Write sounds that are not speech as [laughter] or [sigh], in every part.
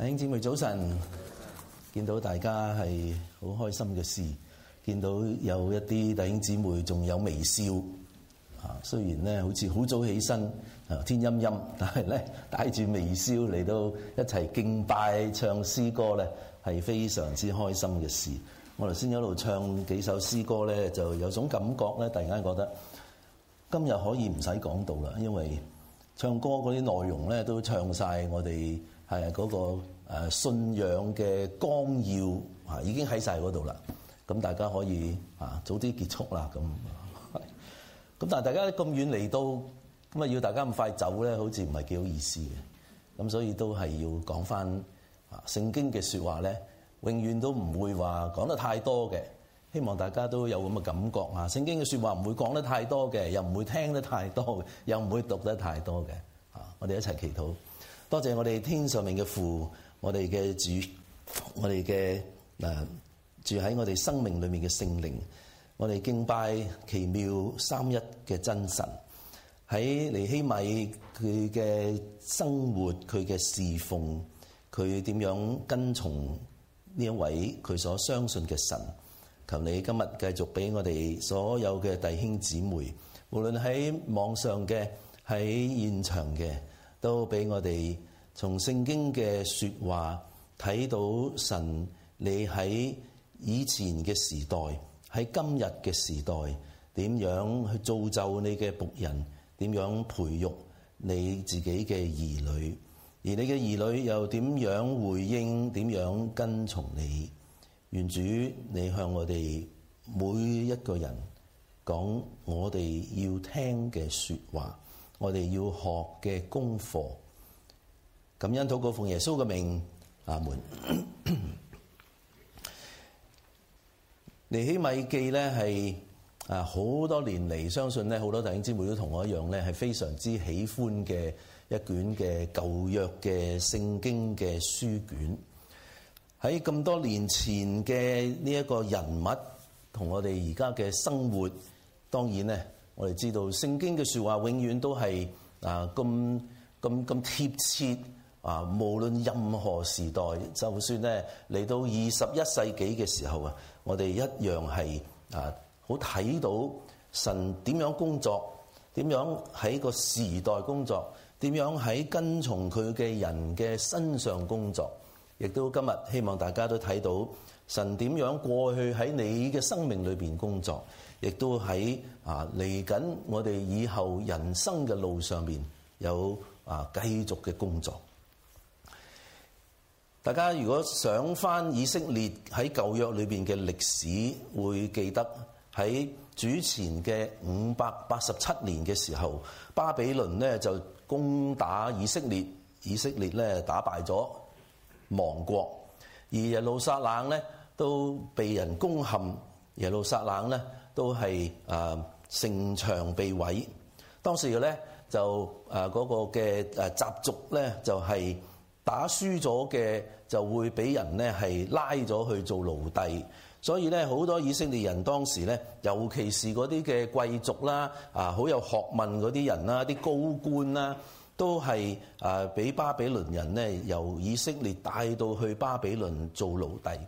弟兄姊妹早晨，見到大家係好開心嘅事，見到有一啲弟兄姊妹仲有微笑，啊，雖然咧好似好早起身，啊天陰陰，但係咧帶住微笑嚟到一齊敬拜唱詩歌咧，係非常之開心嘅事。我頭先一路唱幾首詩歌咧，就有種感覺咧，突然間覺得今日可以唔使講道啦，因為唱歌嗰啲內容咧都唱晒，我哋係、嗰個誒信仰嘅綱要啊，已經喺晒嗰度啦。咁大家可以啊早啲結束啦。咁咁，但係大家咁遠嚟到咁啊，要大家咁快走咧，好似唔係幾好意思嘅。咁所以都係要講返啊，聖經嘅説話咧，永遠都唔會話講得太多嘅。希望大家都有咁嘅感覺啊。聖經嘅説話唔會講得太多嘅，又唔會聽得太多嘅，又唔會讀得太多嘅啊。我哋一齊祈禱，多謝我哋天上面嘅父。我哋嘅主，我哋嘅啊，住喺我哋生命裏面嘅聖靈，我哋敬拜奇妙三一嘅真神。喺尼希米佢嘅生活，佢嘅侍奉，佢點樣跟從呢一位佢所相信嘅神。求你今日繼續俾我哋所有嘅弟兄姊妹，無論喺網上嘅，喺現場嘅，都俾我哋。從聖經嘅説話睇到神，你喺以前嘅時代，喺今日嘅時代，點樣去造就你嘅僕人？點樣培育你自己嘅兒女？而你嘅兒女又點樣回應？點樣跟從你？願主，你向我哋每一個人講我哋要聽嘅説話，我哋要學嘅功課。感恩禱告，奉耶穌嘅名。阿們。 [coughs] 尼希米記咧係啊好多年嚟，相信咧好多弟兄姊妹都同我一樣咧，係非常之喜歡嘅一卷嘅舊約嘅聖經嘅書卷。喺咁多年前嘅呢一個人物，同我哋而家嘅生活，當然咧我哋知道聖經嘅説話永遠都係啊咁咁咁貼切。啊！無論任何時代，就算咧嚟到二十一世紀嘅時候啊，我哋一樣係啊，好睇到神點樣工作，點樣喺個時代工作，點樣喺跟從佢嘅人嘅身上工作，亦都今日希望大家都睇到神點樣過去喺你嘅生命裏邊工作，亦都喺啊嚟緊我哋以後人生嘅路上面有啊繼續嘅工作。大家如果想翻以色列喺舊約裏面嘅歷史，會記得喺主前嘅五百八十七年嘅時候，巴比倫呢就攻打以色列，以色列咧打敗咗亡國，而耶路撒冷呢都被人攻陷，耶路撒冷呢都係啊城牆被毀。當時嘅咧就嗰個嘅啊習俗咧就係。打輸咗嘅就會俾人呢，係拉咗去做奴隸，所以咧好多以色列人當時咧，尤其是嗰啲嘅貴族啦，啊好有學問嗰啲人啦，啲高官啦，都係啊俾巴比倫人呢，由以色列帶到去巴比倫做奴隸。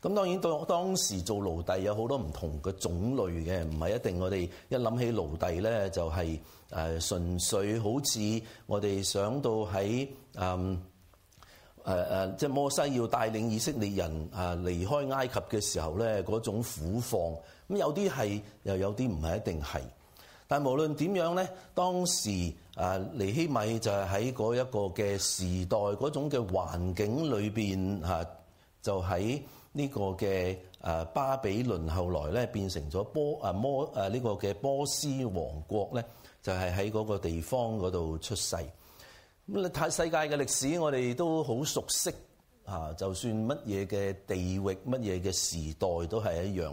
咁當然到當時做奴隸有好多唔同嘅種類嘅，唔係一定我哋一諗起奴隸咧就係、是、誒純粹好似我哋想到喺誒。嗯誒誒，即係摩西要帶領以色列人啊離開埃及嘅時候咧，嗰種苦況，咁有啲係又有啲唔係一定係，但無論點樣咧，當時誒尼希米就係喺一個嘅時代嗰種嘅環境裏邊嚇，就喺呢個嘅誒巴比倫後來咧變成咗波啊摩誒呢個嘅波斯王國咧，就係喺嗰地方度出世。咁你睇世界嘅歷史，我哋都好熟悉嚇，就算乜嘢嘅地域，乜嘢嘅時代，都係一樣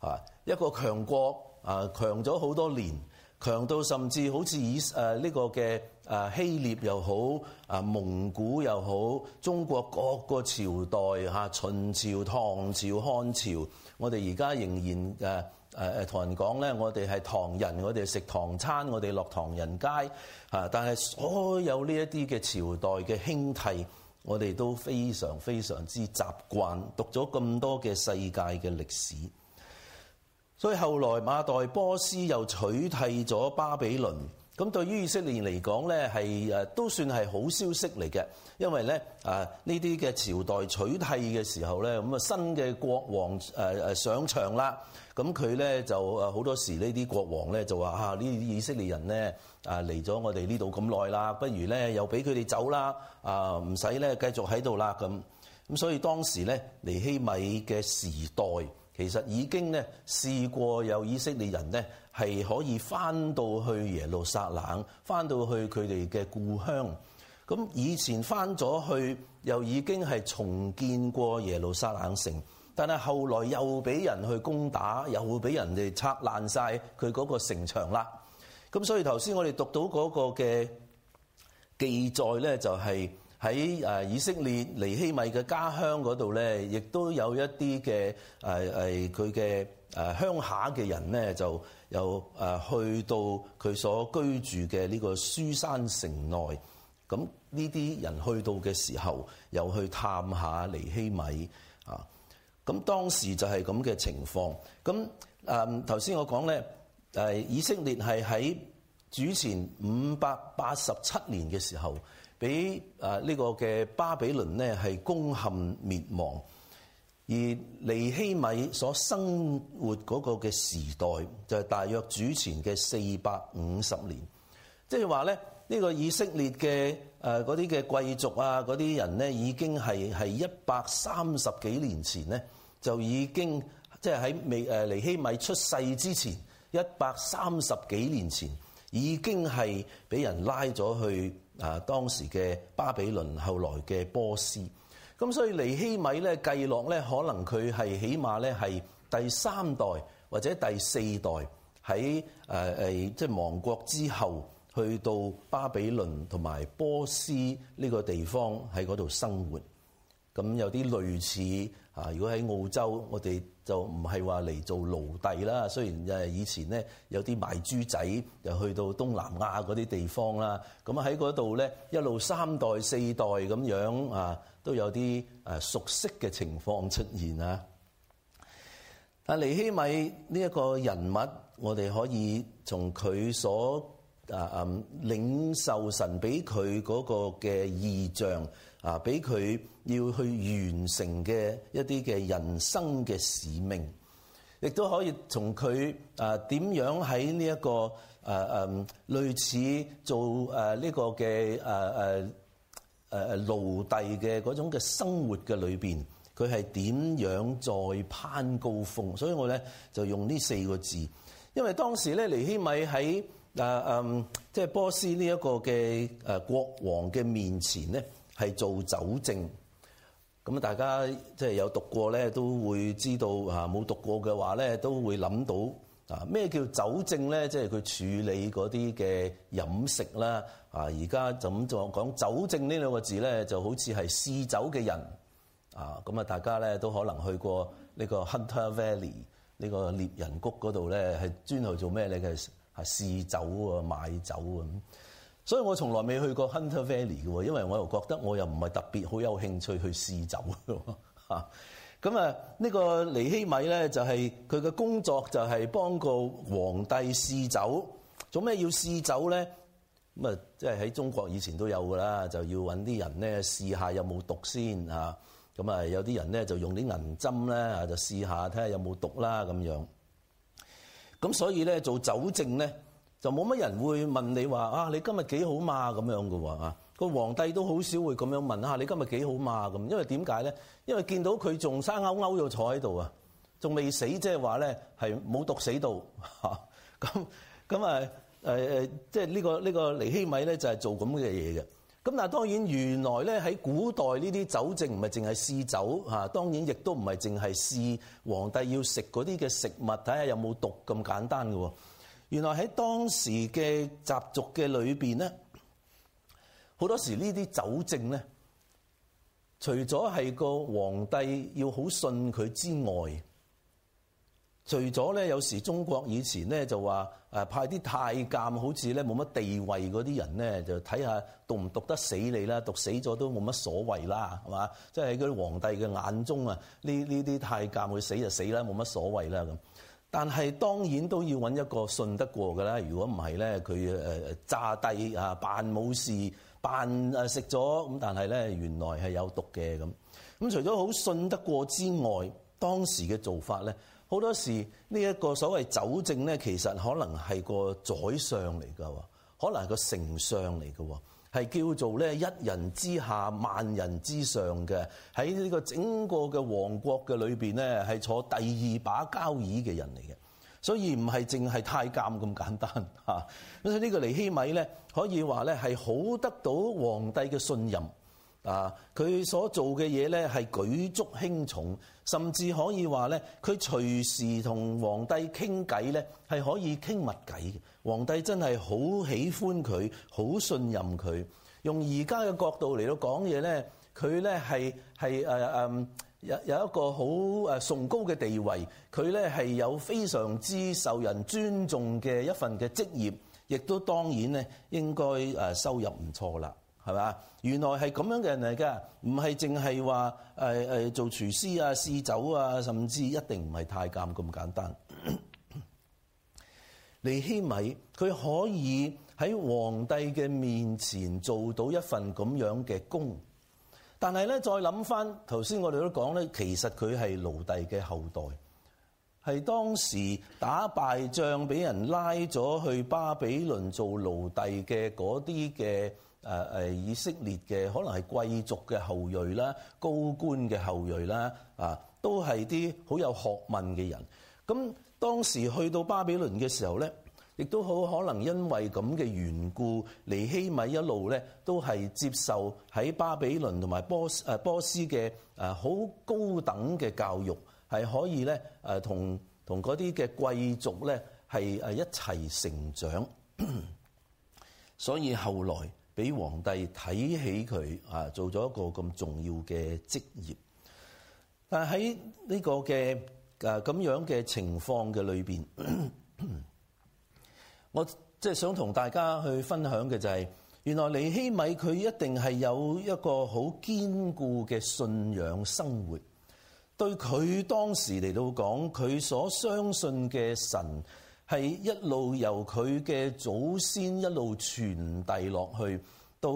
嚇，一個強國啊，強咗好多年。強到甚至好似以呢個嘅誒希臘又好啊，蒙古又好，中國各個朝代嚇，秦朝、唐朝、漢朝，我哋而家仍然同、呃呃、人講咧，我哋係唐人，我哋食唐餐，我哋落唐人街嚇，但係所有呢一啲嘅朝代嘅興替，我哋都非常非常之習慣讀咗咁多嘅世界嘅歷史。所以後來馬代波斯又取替咗巴比倫，咁對於以色列嚟講咧，係誒都算係好消息嚟嘅，因為咧誒呢啲嘅朝代取替嘅時候咧，咁啊新嘅國王誒誒上場啦，咁佢咧就誒好多時呢啲國王咧就話啊呢啲以色列人咧啊嚟咗我哋呢度咁耐啦，不如咧又俾佢哋走啦，啊唔使咧繼續喺度啦咁，咁所以當時咧尼希米嘅時代。其實已經咧試過有以色列人咧係可以翻到去耶路撒冷，翻到去佢哋嘅故鄉。咁以前翻咗去，又已經係重建過耶路撒冷城，但係後來又俾人去攻打，又會俾人哋拆爛晒佢嗰個城牆啦。咁所以頭先我哋讀到嗰個嘅記載呢，就係、是。喺誒以色列尼希米嘅家鄉嗰度咧，亦都有一啲嘅誒誒佢嘅誒鄉下嘅人咧，就又誒去到佢所居住嘅呢個書珊城內。咁呢啲人去到嘅時候，又去探下尼希米啊。咁當時就係咁嘅情況。咁誒頭先我講咧，誒以色列係喺主前五百八十七年嘅時候，俾誒呢個嘅巴比倫呢係攻陷滅亡，而尼希米所生活嗰個嘅時代就係、是、大約主前嘅四百五十年，即係話咧，呢個以色列嘅誒嗰啲嘅貴族啊，嗰啲人呢，已經係係一百三十幾年前呢，就已經即係喺未誒尼希米出世之前一百三十幾年前已經係俾人拉咗去。啊！當時嘅巴比倫，後來嘅波斯，咁所以尼希米咧計落咧，可能佢係起碼咧係第三代或者第四代喺誒誒，即係亡國之後去到巴比倫同埋波斯呢個地方喺嗰度生活，咁有啲類似。啊！如果喺澳洲，我哋就唔係話嚟做奴隸啦。雖然誒以前咧有啲賣豬仔，又去到東南亞嗰啲地方啦。咁喺嗰度咧，一路三代四代咁樣啊，都有啲誒熟悉嘅情況出現啊。但尼希米呢一個人物，我哋可以從佢所誒領受神俾佢嗰個嘅異象啊，俾佢要去完成嘅一啲嘅人生嘅使命，亦都可以從佢啊點樣喺呢一個誒誒類似做誒呢個嘅誒誒誒奴隸嘅嗰種嘅生活嘅裏邊，佢係點樣再攀高峰？所以我咧就用呢四個字，因為當時咧尼希米喺誒嗯即係波斯呢一個嘅誒國王嘅面前咧係做酒政。咁啊，大家即係有讀過咧，都會知道嚇；冇讀過嘅話咧，都會諗到啊，咩叫酒政咧？即係佢處理嗰啲嘅飲食啦。啊，而家就咁就講酒政呢兩個字咧，就好似係試酒嘅人。啊，咁啊，大家咧都可能去過呢個 Hunter Valley 呢個獵人谷嗰度咧，係專去做咩咧？佢係試酒啊，買酒咁。所以我從來未去過 Hunter Valley 嘅，因為我又覺得我又唔係特別好有興趣去試酒嘅。咁啊，呢個尼希米咧就係佢嘅工作就係幫個皇帝試酒。做咩要試酒咧？咁啊，即係喺中國以前都有㗎啦，就要揾啲人咧試下有冇毒先嚇。咁啊，有啲人咧就用啲銀針咧就試下睇下有冇毒啦咁樣。咁所以咧做酒政咧。就冇乜人會問你話啊，你今日幾好嘛咁樣㗎喎啊！個皇帝都好少會咁樣問啊，你今日幾好嘛咁。因為點解咧？因為見到佢仲生勾勾咁坐喺度啊，仲未死，即係話咧係冇毒死到嚇。咁咁誒誒誒，即係呢個呢個尼希米咧就係做咁嘅嘢嘅。咁但係當然原來咧喺古代呢啲酒政唔係淨係試酒嚇，啊，當然亦都唔係淨係試皇帝要食嗰啲嘅食物，睇下有冇毒咁簡單嘅喎。原來喺當時嘅習俗嘅裏邊咧，好多時呢啲酒政咧，除咗係個皇帝要好信佢之外，除咗咧，有時中國以前咧就話誒派啲太監，好似咧冇乜地位嗰啲人咧，就睇下毒唔毒得死你啦，毒死咗都冇乜所謂啦，係嘛？即係喺嗰啲皇帝嘅眼中啊，呢呢啲太監佢死就死啦，冇乜所謂啦咁。但係當然都要揾一個信得過嘅啦，如果唔係咧，佢誒誒詐帝啊，扮冇事，扮誒食咗，咁但係咧原來係有毒嘅咁。咁除咗好信得過之外，當時嘅做法咧，好多時呢一個所謂酒政咧，其實可能係個宰相嚟㗎喎，可能係個丞相嚟㗎喎。係叫做咧，一人之下，萬人之上嘅，喺呢個整個嘅王國嘅裏邊咧，係坐第二把交椅嘅人嚟嘅，所以唔係淨係太監咁簡單嚇。咁所以呢個尼希米咧，可以話咧，係好得到皇帝嘅信任。啊！佢所做嘅嘢呢，係舉足輕重，甚至可以話呢，佢隨時同皇帝傾偈呢，係可以傾密偈嘅。皇帝真係好喜歡佢，好信任佢。用而家嘅角度嚟到講嘢呢，佢呢係係誒誒有有一個好誒崇高嘅地位，佢呢係有非常之受人尊重嘅一份嘅職業，亦都當然咧應該誒收入唔錯啦。係嘛？原來係咁樣嘅人嚟㗎，唔係淨係話誒誒做廚師啊、試酒啊，甚至一定唔係太監咁簡單。 [coughs] 尼希米佢可以喺皇帝嘅面前做到一份咁樣嘅工，但係咧再諗翻頭先，剛才我哋都講咧，其實佢係奴隸嘅後代，係當時打敗仗俾人拉咗去巴比倫做奴隸嘅嗰啲嘅。誒誒，以色列嘅可能係貴族嘅後裔啦，高官嘅後裔啦，啊，都係啲好有學問嘅人。咁當時去到巴比倫嘅時候咧，亦都好可能因為咁嘅緣故，尼希米一路咧都係接受喺巴比倫同埋波斯誒波斯嘅誒好高等嘅教育，係可以咧誒同同嗰啲嘅貴族咧係誒一齊成長。所以後來。俾皇帝睇起佢啊，做咗一個咁重要嘅職業。但係喺呢個嘅啊咁樣嘅情況嘅裏邊，我即係想同大家去分享嘅就係、是，原來尼希米佢一定係有一個好堅固嘅信仰生活。對佢當時嚟到講，佢所相信嘅神。係一路由佢嘅祖先一路傳遞落去，到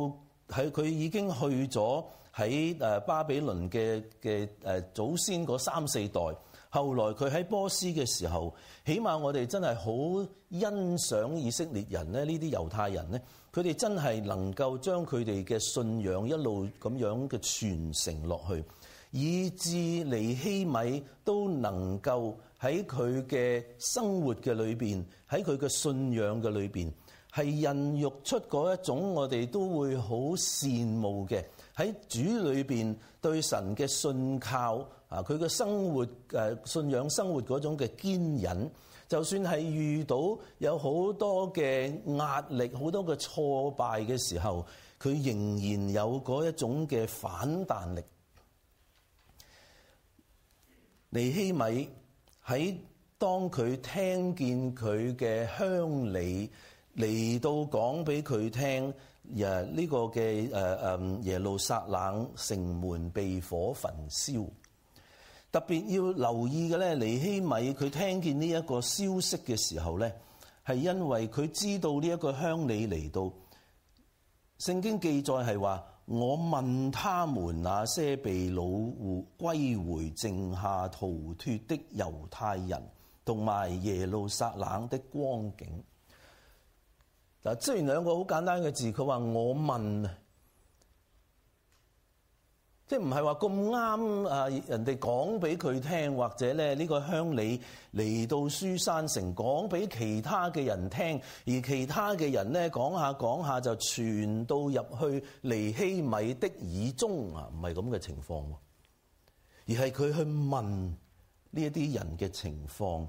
喺佢已經去咗喺誒巴比倫嘅嘅誒祖先嗰三四代，後來佢喺波斯嘅時候，起碼我哋真係好欣賞以色列人咧，呢啲猶太人咧，佢哋真係能夠將佢哋嘅信仰一路咁樣嘅傳承落去，以至尼希米都能夠。喺佢嘅生活嘅裏邊，喺佢嘅信仰嘅裏邊，係孕育出嗰一種我哋都會好羨慕嘅喺主裏邊對神嘅信靠啊！佢嘅生活誒信仰生活嗰種嘅堅忍，就算係遇到有好多嘅壓力、好多嘅挫敗嘅時候，佢仍然有嗰一種嘅反彈力。尼希米。喺當佢聽見佢嘅鄉里嚟到講俾佢聽，誒呢個嘅誒誒耶路撒冷城門被火焚燒，特別要留意嘅咧，尼希米佢聽見呢一個消息嘅時候咧，係因為佢知道呢一個鄉里嚟到，聖經記載係話。我問他們那些被擄歸回剩下逃脫的猶大人同埋耶路撒冷的光景，嗱，雖然兩個好簡單嘅字，佢話我問。即係唔係話咁啱啊，人哋講俾佢聽，或者咧呢個鄉里嚟到書珊城講俾其他嘅人聽，而其他嘅人咧講下講下就傳到入去尼希米的耳中啊，唔係咁嘅情況，而係佢去問呢一啲人嘅情況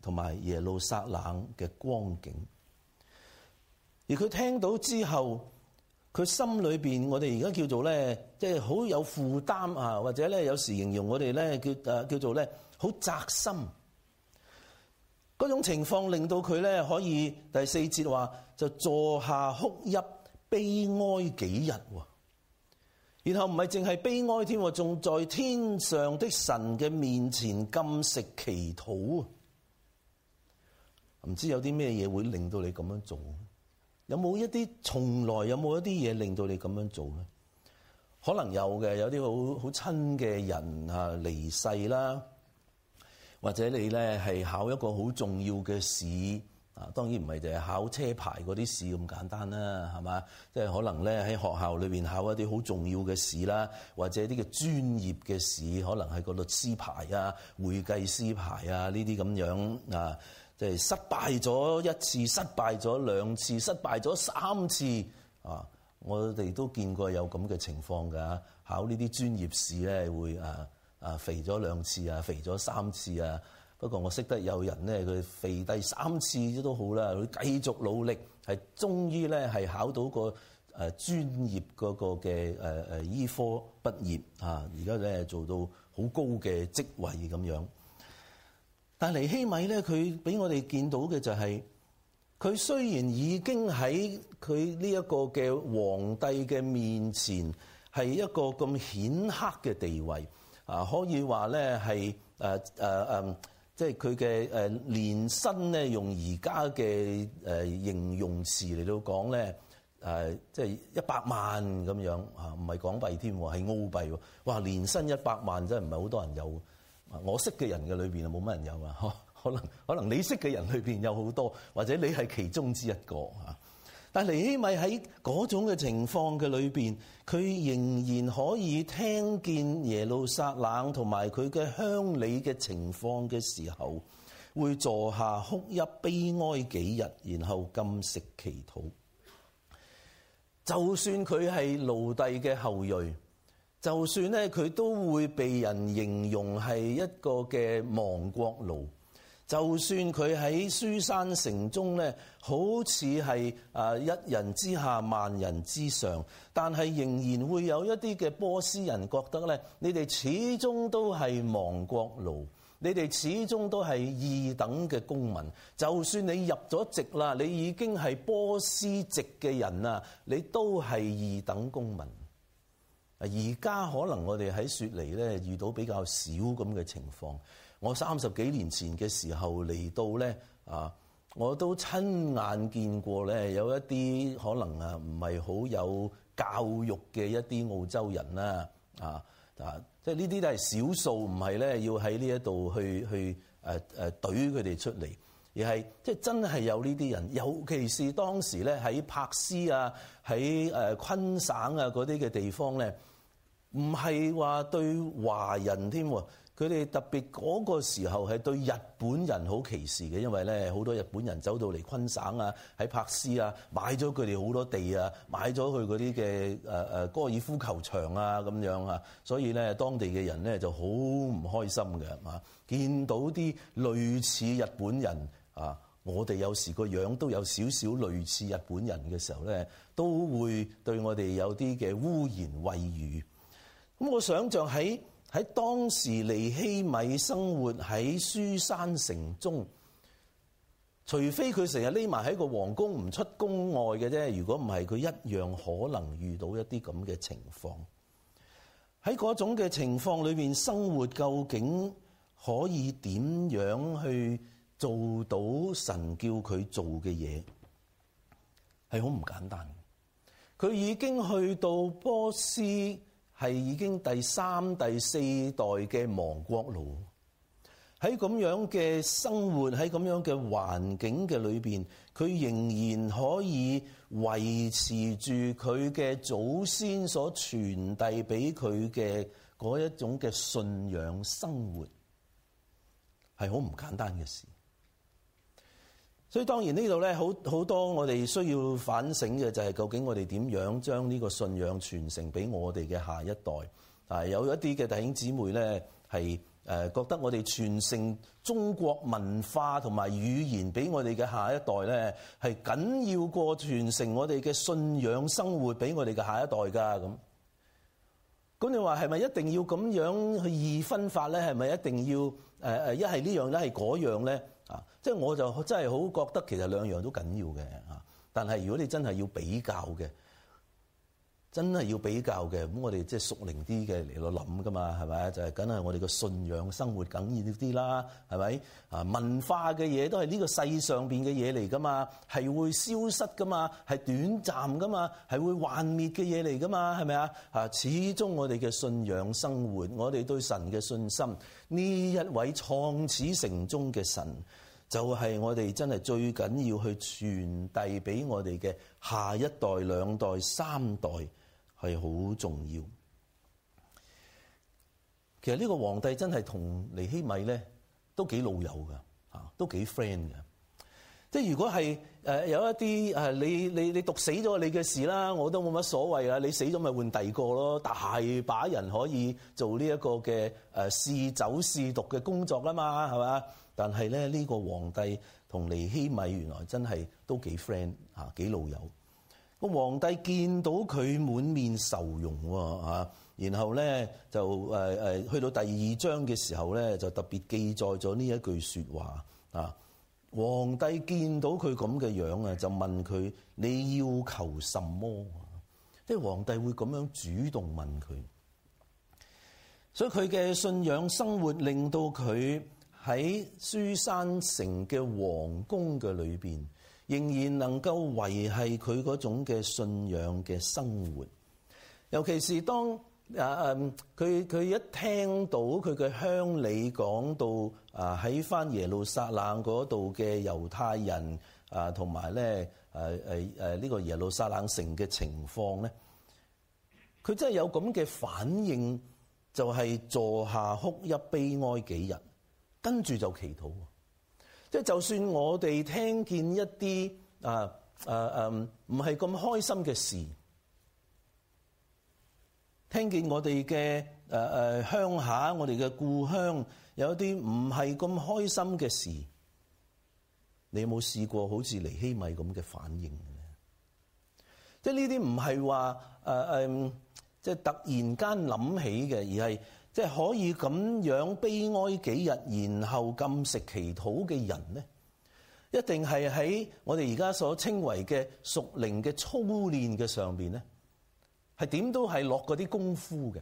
同埋耶路撒冷嘅光景，而佢聽到之後。佢心裏邊，我哋而家叫做咧，即係好有負擔啊，或者咧，有時形容我哋咧，叫誒叫做咧，好扎心。嗰種情況令到佢咧可以第四節話就坐下哭泣，悲哀幾日喎。然後唔係淨係悲哀添，仲在天上的神嘅面前禁食祈禱啊！唔知有啲咩嘢會令到你咁樣做？有冇一啲從來有冇一啲嘢令到你咁樣做咧？可能有嘅，有啲好好親嘅人啊離世啦，或者你咧係考一個好重要嘅試啊，當然唔係就係考車牌嗰啲試咁簡單啦，係嘛？即係可能咧喺學校裏邊考一啲好重要嘅試啦，或者啲嘅專業嘅試，可能係個律師牌啊、會計師牌啊呢啲咁樣啊。即係失敗咗一次，失敗咗兩次，失敗咗三次啊！我哋都見過有咁嘅情況㗎。考呢啲專業試咧，會誒誒肥咗兩次啊，肥咗三次啊。不過我識得有人咧，佢肥低三次都好啦，佢繼續努力係終於咧係考到個誒專業嗰個嘅誒誒醫科畢業啊！而家咧做到好高嘅職位咁樣。但係尼希米咧，佢俾我哋見到嘅就係，佢雖然已經喺佢呢一個嘅皇帝嘅面前係一個咁顯赫嘅地位，啊可以話咧係即係佢嘅年薪咧，用而家嘅形容詞嚟到講咧即係一百萬咁樣啊，唔係港幣添喎，係歐幣喎，哇年薪一百萬真係唔係好多人有，我識嘅人嘅裏邊啊，冇乜人有啊，可能可能你識嘅人裏邊有好多，或者你係其中之一個啊。但尼希米喺嗰種嘅情況嘅裏邊，佢仍然可以聽見耶路撒冷同埋佢嘅鄉里嘅情況嘅時候，會坐下哭泣，悲哀幾日，然後禁食祈禱。就算佢係奴隸嘅後裔。就算咧，佢都會被人形容係一個嘅亡國奴。就算佢喺書珊城中咧，好似係誒一人之下萬人之上，但係仍然會有一啲嘅波斯人覺得咧，你哋始終都係亡國奴，你哋始終都係二等嘅公民。就算你入咗籍啦，你已經係波斯籍嘅人啦，你都係二等公民。而家可能我哋喺雪梨咧遇到比較少咁嘅情況。我三十幾年前嘅時候嚟到咧啊，我都親眼見過咧，有一啲可能啊唔係好有教育嘅一啲澳洲人啦啊啊！即係呢啲都係少數，唔係咧要喺呢一度去去誒懟佢哋出嚟，而係即係真係有呢啲人，尤其是當時咧喺柏斯啊、喺昆省啊嗰啲嘅地方咧。唔係話對華人添喎，佢哋特別嗰個時候係對日本人好歧視嘅，因為咧好多日本人走到嚟昆省啊，喺柏斯啊，買咗佢哋好多地啊，買咗佢嗰啲嘅誒誒高爾夫球場啊咁樣啊，所以咧當地嘅人咧就好唔開心嘅啊。見到啲類似日本人啊，我哋有時個樣子都有少少類似日本人嘅時候咧，都會對我哋有啲嘅污言穢語。咁我想象喺喺當時尼希米生活喺書珊城中，除非佢成日匿埋喺個皇宮唔出宮外嘅啫。如果唔係，佢一樣可能遇到一啲咁嘅情況。喺嗰種嘅情況裏面生活，究竟可以點樣去做到神叫佢做嘅嘢，係好唔簡單。佢已經去到波斯。係已經第三、第四代嘅亡國奴，喺咁樣嘅生活，喺咁樣嘅環境嘅裏邊，佢仍然可以維持住佢嘅祖先所傳遞俾佢嘅一種嘅信仰生活，係好唔簡單嘅事。所以當然呢度咧，好好多我哋需要反省嘅就係究竟我哋點樣將呢個信仰傳承俾我哋嘅下一代？啊，有一啲嘅弟兄姊妹咧，係誒覺得我哋傳承中國文化同埋語言俾我哋嘅下一代咧，係緊要過傳承我哋嘅信仰生活俾我哋嘅下一代㗎。咁咁你話係咪一定要咁樣去二分法咧？係咪一定要誒誒一係呢樣咧，一係嗰樣咧？啊，即係我就真係好覺得其實兩樣都緊要嘅啊，但係如果你真係要比較嘅。真係要比較嘅，咁我哋即係熟齡啲嘅嚟到諗噶嘛，係咪啊？就係梗係我哋嘅信仰生活緊要啲啦，係咪啊？文化嘅嘢都係呢個世上邊嘅嘢嚟噶嘛，係會消失噶嘛，係短暫噶嘛，係會幻滅嘅嘢嚟噶嘛，係咪啊？始終我哋嘅信仰生活，我哋對神嘅信心，呢一位創始成終嘅神，就係、是、我哋真係最緊要去傳遞俾我哋嘅下一代、兩代、三代。係好重要。其實呢個皇帝真係同尼希米咧都幾老友噶嚇，都幾 friend 嘅。即係如果係誒有一啲誒你你你，你毒死咗你嘅事啦，我都冇乜所謂啦。你死咗咪換第個咯，大把人可以做呢一個嘅誒試酒試毒嘅工作啦嘛，係嘛？但係咧呢個皇帝同尼希米原來真係都幾 friend 嚇，幾老友。個皇帝見到佢滿面愁容喎，嚇！然後咧就誒誒去到第二章嘅時候咧，就特別記載咗呢一句說話啊！皇帝見到佢咁嘅樣啊，就問佢：你要求什麼？即係皇帝會咁樣主動問佢，所以佢嘅信仰生活令到佢喺書珊城嘅皇宮嘅裏邊。仍然能夠維繫佢嗰種嘅信仰嘅生活，尤其是當誒誒佢佢一聽到佢嘅鄉里講到啊喺返耶路撒冷嗰度嘅猶太人啊同埋咧誒誒誒呢個耶路撒冷城嘅情況咧，佢真係有咁嘅反應，就係坐下哭泣，悲哀幾日，跟住就祈禱。即係就算我哋聽見一啲啊啊啊唔係咁開心嘅事，聽見我哋嘅誒誒鄉下、我哋嘅故鄉有一啲唔係咁開心嘅事，你有冇試過好似尼希米咁嘅反應咧、呃？即係呢啲唔係話誒誒，即係突然間諗起嘅，而係。即係可以咁樣悲哀幾日，然後禁食祈禱嘅人咧，一定係喺我哋而家所稱為嘅熟靈嘅操練嘅上邊呢，咧，係點都係落嗰啲功夫嘅。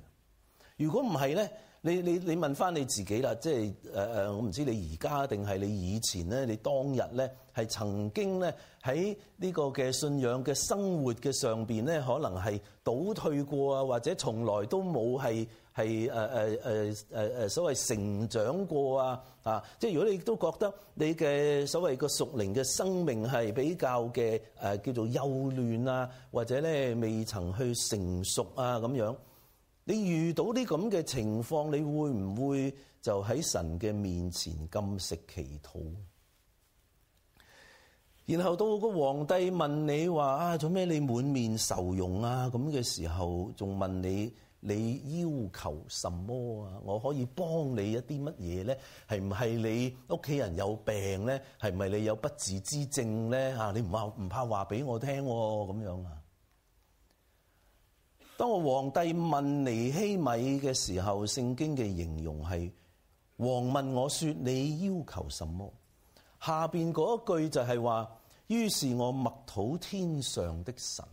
如果唔係咧，你你你問翻你自己啦，即係、呃、我唔知你而家定係你以前咧，你當日咧係曾經咧喺呢個嘅信仰嘅生活嘅上邊，咧，可能係倒退過啊，或者從來都冇係。係誒誒誒誒誒所謂成長過啊！啊，即係如果你都覺得你嘅所謂個屬靈嘅生命係比較嘅誒、啊、叫做幼嫩啊，或者咧未曾去成熟啊咁樣，你遇到啲咁嘅情況，你會唔會就喺神嘅面前禁食祈禱？然後到個皇帝問你話啊，做咩你滿面愁容啊？咁嘅時候仲問你？你要求什麼啊？我可以幫你一啲乜嘢咧？係唔係你屋企人有病咧？係唔係你有不治之症咧？吓，你唔怕唔怕話俾我聽咁樣啊？當我皇帝問尼希米嘅時候，聖經嘅形容係：「王問我說，說你要求什麼？」下邊嗰一句就係話：「於是，我默禱天上的神。」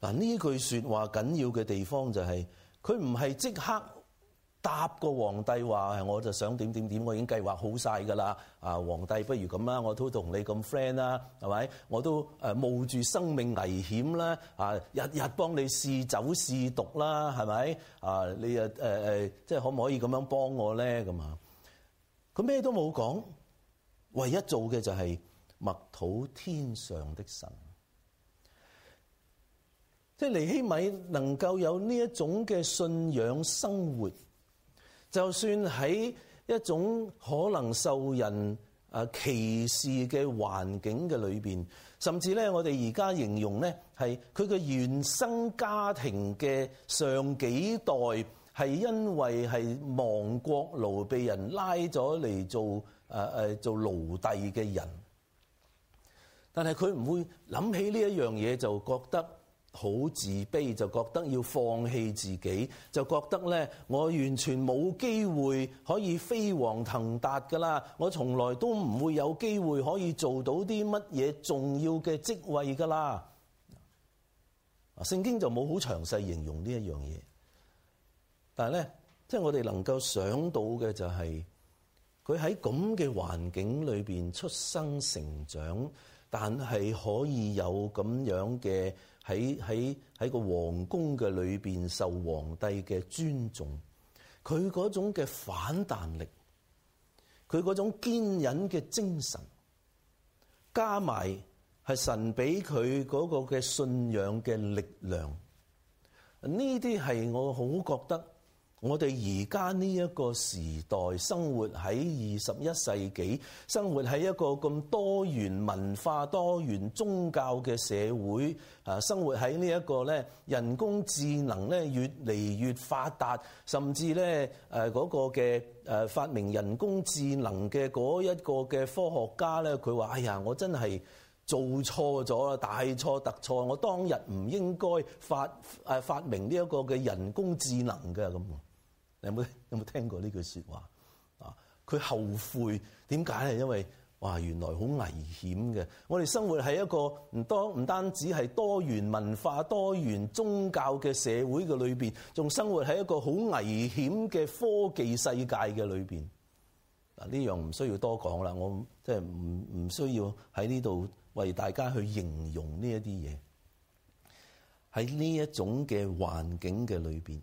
嗱，呢句說話緊要嘅地方就係佢唔係即刻答個皇帝話，我就想點點點，我已經計劃好晒㗎啦。啊，皇帝不如咁啦，我都同你咁 friend 啦，係咪？我都冒住生命危險啦，啊，日日幫你試酒試毒啦，係咪？啊，你誒即係可唔可以咁樣幫我咧？咁啊，佢咩都冇講，唯一做嘅就係默禱天上的神。即係尼希米能夠有呢一種嘅信仰生活，就算喺一種可能受人啊歧視嘅環境嘅裏邊，甚至咧，我哋而家形容咧係佢嘅原生家庭嘅上幾代係因為係亡國奴，被人拉咗嚟做誒誒做奴隸嘅人，但係佢唔會諗起呢一樣嘢，就覺得好自卑，就覺得要放棄自己，就覺得咧，我完全冇機會可以飛黃騰達噶啦，我從來都唔會有機會可以做到啲乜嘢重要嘅職位噶啦。聖經就冇好詳細形容呢一樣嘢，但係咧，即係我哋能夠想到嘅就係佢喺咁嘅環境裏邊出生成長。但係可以有咁樣嘅喺喺喺個皇宮嘅裏邊受皇帝嘅尊重，佢嗰種嘅反彈力，佢嗰種堅忍嘅精神，加埋係神俾佢嗰個嘅信仰嘅力量，呢啲係我好覺得。我哋而家呢一個時代，生活喺二十一世紀，生活喺一個咁多元文化、多元宗教嘅社會啊，生活喺呢一個咧，人工智能咧越嚟越發達，甚至咧誒嗰個嘅誒發明人工智能嘅嗰一個嘅科學家咧，佢話哎呀，我真係做錯咗啦，大錯特錯，我當日唔應該發誒發明呢一個嘅人工智能嘅咁。你有冇有冇聽過呢句説話啊？佢後悔點解？係因為哇，原來好危險嘅。我哋生活喺一個唔多唔單止係多元文化、多元宗教嘅社會嘅裏邊，仲生活喺一個好危險嘅科技世界嘅裏邊。嗱，呢樣唔需要多講啦。我即係唔唔需要喺呢度為大家去形容呢一啲嘢。喺呢一種嘅環境嘅裏邊。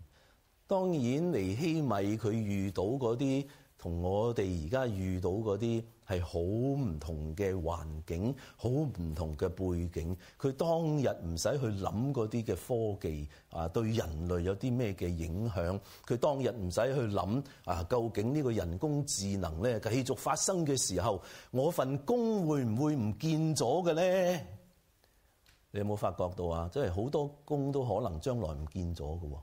當然，尼希米佢遇到嗰啲同我哋而家遇到嗰啲係好唔同嘅環境，好唔同嘅背景。佢當日唔使去諗嗰啲嘅科技啊，對人類有啲咩嘅影響？佢當日唔使去諗啊，究竟呢個人工智能咧繼續發生嘅時候，我份工會唔會唔見咗嘅咧？你有冇發覺到啊？即係好多工都可能將來唔見咗㗎喎。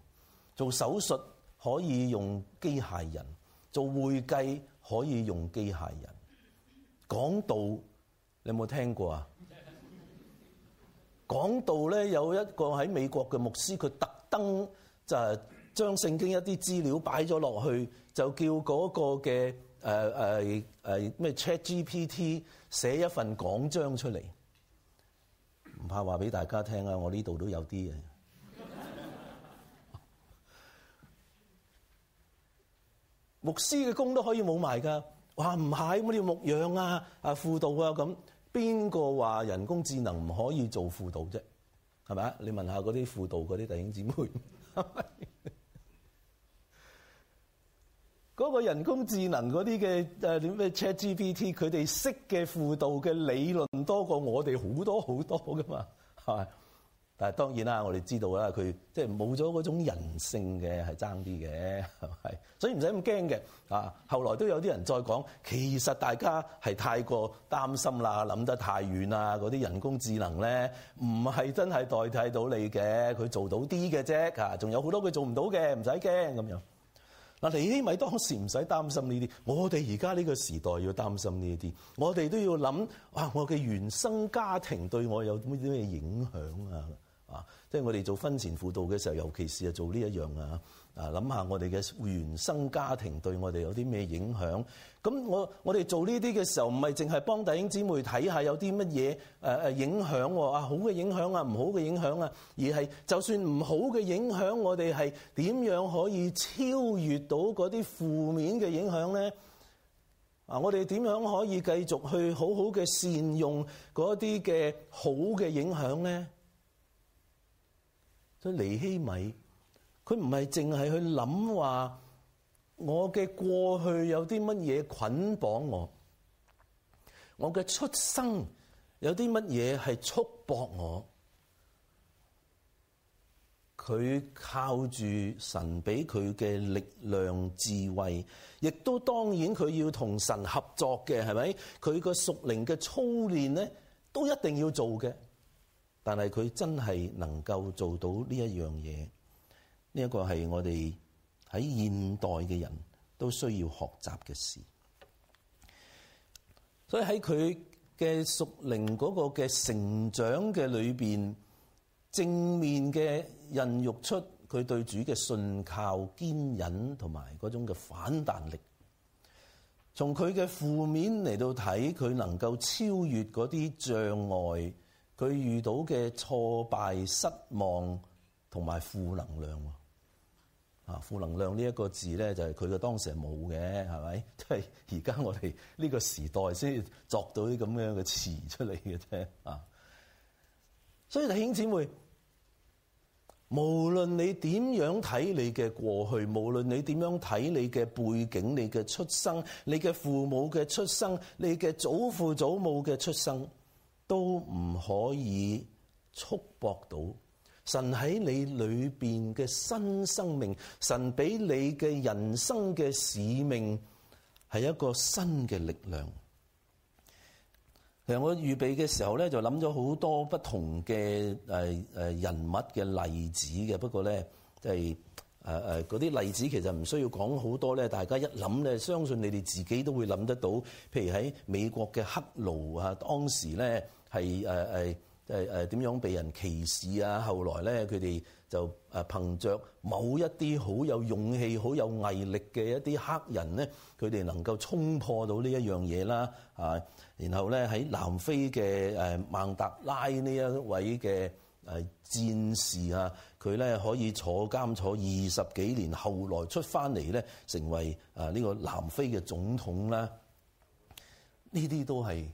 做手術可以用機械人，做會計可以用機械人。講道你有冇聽過啊？講道咧有一個喺美國嘅牧師，佢特登就係將聖經一啲資料擺咗落去，就叫嗰個嘅誒誒誒咩 Chat GPT 寫一份講章出嚟。唔怕話俾大家聽啊！我呢度都有啲嘅。牧師嘅工都可以冇埋噶，哇？唔係，我哋要牧養啊、啊輔導啊咁，邊個話人工智能唔可以做輔導啫？係咪啊？你問下嗰啲輔導嗰啲弟兄姊妹，嗰 [laughs] 個人工智能嗰啲嘅誒點咩 ChatGPT，佢哋識嘅輔導嘅理論多過我哋好多好多噶嘛，係誒當然啦，我哋知道啦，佢即係冇咗嗰種人性嘅係爭啲嘅，係，所以唔使咁驚嘅。啊，後來都有啲人再講，其實大家係太過擔心啦，諗得太遠啦。嗰啲人工智能咧，唔係真係代替到你嘅，佢做到啲嘅啫。啊，仲有好多佢做唔到嘅，唔使驚咁樣。嗱，尼希米當時唔使擔心呢啲，我哋而家呢個時代要擔心呢啲，我哋都要諗啊，我嘅原生家庭對我有啲咩影響啊？即係我哋做婚前輔導嘅時候，尤其是啊做呢一樣啊，啊諗下我哋嘅原生家庭對我哋有啲咩影響？咁我我哋做呢啲嘅時候，唔係淨係幫弟兄姊妹睇下有啲乜嘢誒誒影響，啊好嘅影響啊，唔好嘅影響啊，而係就算唔好嘅影響，我哋係點樣可以超越到嗰啲負面嘅影響咧？啊，我哋點樣可以繼續去好好嘅善用嗰啲嘅好嘅影響咧？所以尼希米，佢唔係淨係去諗話我嘅過去有啲乜嘢捆綁我，我嘅出生有啲乜嘢係束縛我，佢靠住神俾佢嘅力量智慧，亦都當然佢要同神合作嘅，係咪？佢個屬靈嘅操練咧，都一定要做嘅。但係佢真係能夠做到呢一樣嘢，呢一個係我哋喺現代嘅人都需要學習嘅事。所以喺佢嘅屬靈嗰個嘅成長嘅裏邊，正面嘅孕育出佢對主嘅信靠、堅忍同埋嗰種嘅反彈力。從佢嘅負面嚟到睇，佢能夠超越嗰啲障礙。佢遇到嘅挫敗、失望同埋負能量，啊負能量呢一個字咧，就係佢嘅當時係冇嘅，係咪？即係而家我哋呢個時代先作到啲咁樣嘅詞出嚟嘅啫，啊！所以弟兄姊妹，無論你點樣睇你嘅過去，無論你點樣睇你嘅背景、你嘅出生、你嘅父母嘅出生、你嘅祖父祖母嘅出生。都唔可以束縛到，神喺你裏邊嘅新生命，神俾你嘅人生嘅使命係一個新嘅力量。其實我預備嘅時候咧，就諗咗好多不同嘅誒誒人物嘅例子嘅，不過咧即係。誒誒嗰啲例子其實唔需要講好多咧，大家一諗咧，相信你哋自己都會諗得到。譬如喺美國嘅黑奴啊，當時咧係誒誒誒誒點樣被人歧視啊，後來咧佢哋就誒憑着某一啲好有勇氣、好有毅力嘅一啲黑人咧，佢哋能夠衝破到呢一樣嘢啦。啊，然後咧喺南非嘅誒曼德拉呢一位嘅。係戰士啊！佢咧可以坐監坐二十幾年，後來出翻嚟咧，成為呢個南非嘅總統啦。呢啲都係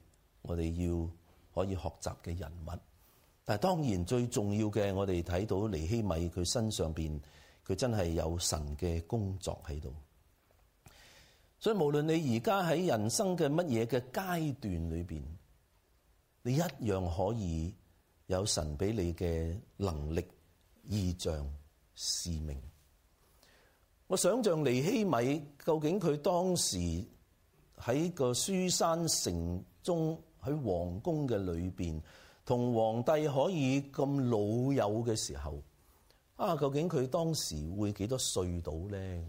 我哋要可以學習嘅人物。但係當然最重要嘅，我哋睇到尼希米佢身上邊，佢真係有神嘅工作喺度。所以無論你而家喺人生嘅乜嘢嘅階段裏邊，你一樣可以有神俾你嘅能力、異象、使命。我想像尼希米究竟佢當時喺個書珊城中喺皇宮嘅裏邊同皇帝可以咁老友嘅時候，啊，究竟佢當時會幾多歲到咧？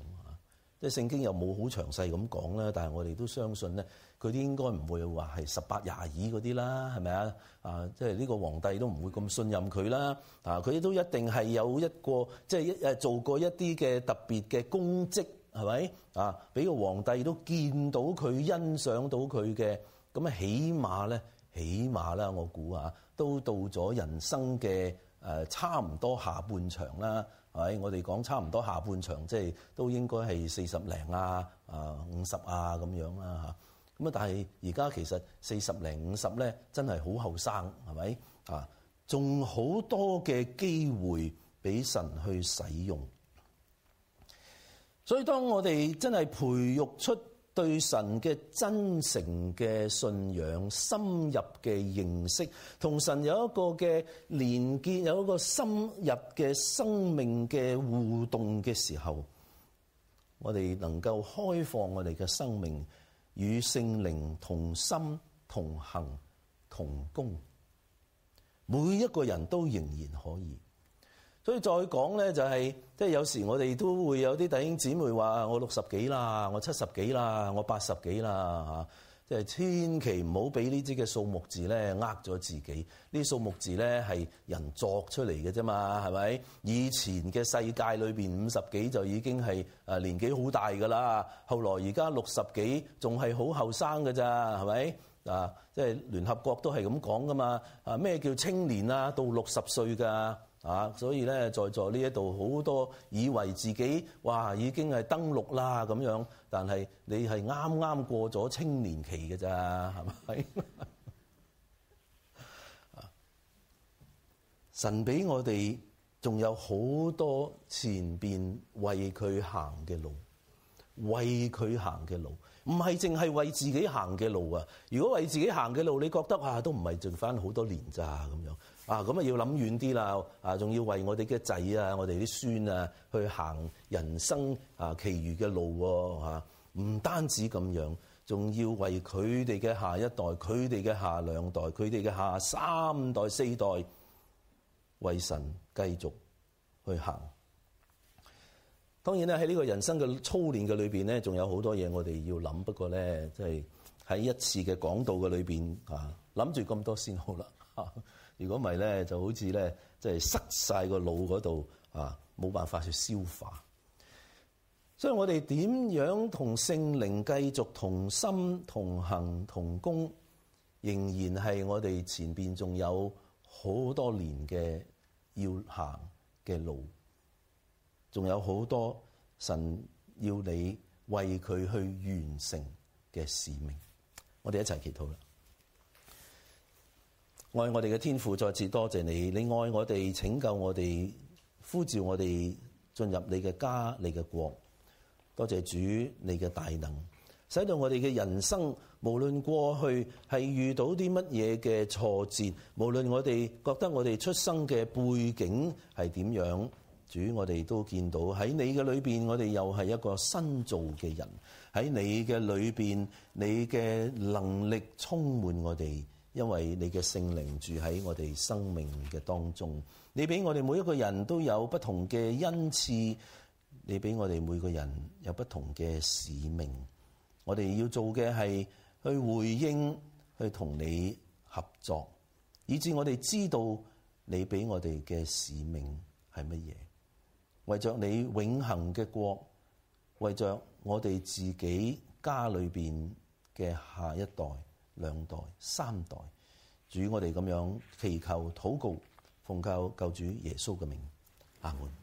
即係聖經又冇好詳細咁講啦，但係我哋都相信咧，佢啲應該唔會話係十八廿二嗰啲啦，係咪啊？啊，即係呢個皇帝都唔會咁信任佢啦。啊，佢都一定係有一個即係誒做過一啲嘅特別嘅功績，係咪啊？俾個皇帝都見到佢欣賞到佢嘅，咁啊，起碼咧，起碼啦，我估啊，都到咗人生嘅誒差唔多下半場啦。係，我哋講差唔多下半場，即係都應該係四十零啊、啊五十啊咁樣啦嚇。咁啊，但係而家其實四十零五十咧，真係好後生，係咪啊？仲好多嘅機會俾神去使用。所以當我哋真係培育出對神嘅真誠嘅信仰，深入嘅認識，同神有一個嘅連結，有一個深入嘅生命嘅互動嘅時候，我哋能夠開放我哋嘅生命，與聖靈同心、同行、同工，每一個人都仍然可以。所以再講咧、就係，就係即係有時我哋都會有啲弟兄姊妹話：我六十幾啦，我七十幾啦，我八十幾啦吓！即係千祈唔好俾呢啲嘅數目字咧呃咗自己。呢數目字咧係人作出嚟嘅啫嘛，係咪？以前嘅世界裏面五十幾就已經係年紀好大噶啦。後來而家六十幾仲係好後生㗎咋，係咪？啊，即係聯合國都係咁講噶嘛。啊，咩叫青年啊？到六十歲㗎。啊！所以咧，在座呢一度好多以為自己哇已經係登陸啦咁樣，但係你係啱啱過咗青年期嘅咋，係咪？神俾我哋仲有好多前邊為佢行嘅路，為佢行嘅路，唔係淨係為自己行嘅路啊！如果為自己行嘅路，你覺得啊，都唔係剩翻好多年咋咁樣。啊，咁啊要諗遠啲啦！啊，仲要為我哋嘅仔啊、我哋啲孫啊，去行人生啊，其餘嘅路喎，唔單止咁樣，仲要為佢哋嘅下一代、佢哋嘅下兩代、佢哋嘅下三代、四代，為神繼續去行。當然咧，喺呢個人生嘅操練嘅裏邊咧，仲有好多嘢我哋要諗。不過咧，即係喺一次嘅講道嘅裏邊嚇，諗住咁多先好啦嚇。如果唔係咧，就好似咧，即係塞晒個腦嗰度啊，冇辦法去消化。所以我哋點樣同聖靈繼續同心同行同工，仍然係我哋前邊仲有好多年嘅要行嘅路，仲有好多神要你為佢去完成嘅使命。我哋一齊祈禱啦。愛我哋嘅天父，再次多謝你。你愛我哋，拯救我哋，呼召我哋進入你嘅家，你嘅國。多謝主，你嘅大能，使到我哋嘅人生，無論過去係遇到啲乜嘢嘅挫折，無論我哋覺得我哋出生嘅背景係點樣，主，我哋都見到喺你嘅裏邊，我哋又係一個新造嘅人。喺你嘅裏邊，你嘅能力充滿我哋。因為你嘅聖靈住喺我哋生命嘅當中，你俾我哋每一個人都有不同嘅恩賜，你俾我哋每一個人有不同嘅使命。我哋要做嘅係去回應，去同你合作，以致我哋知道你俾我哋嘅使命係乜嘢。為着你永恆嘅國，為着我哋自己家裏面嘅下一代。兩代三代，主，我哋咁樣祈求、禱告、奉靠救主耶穌嘅名，阿門。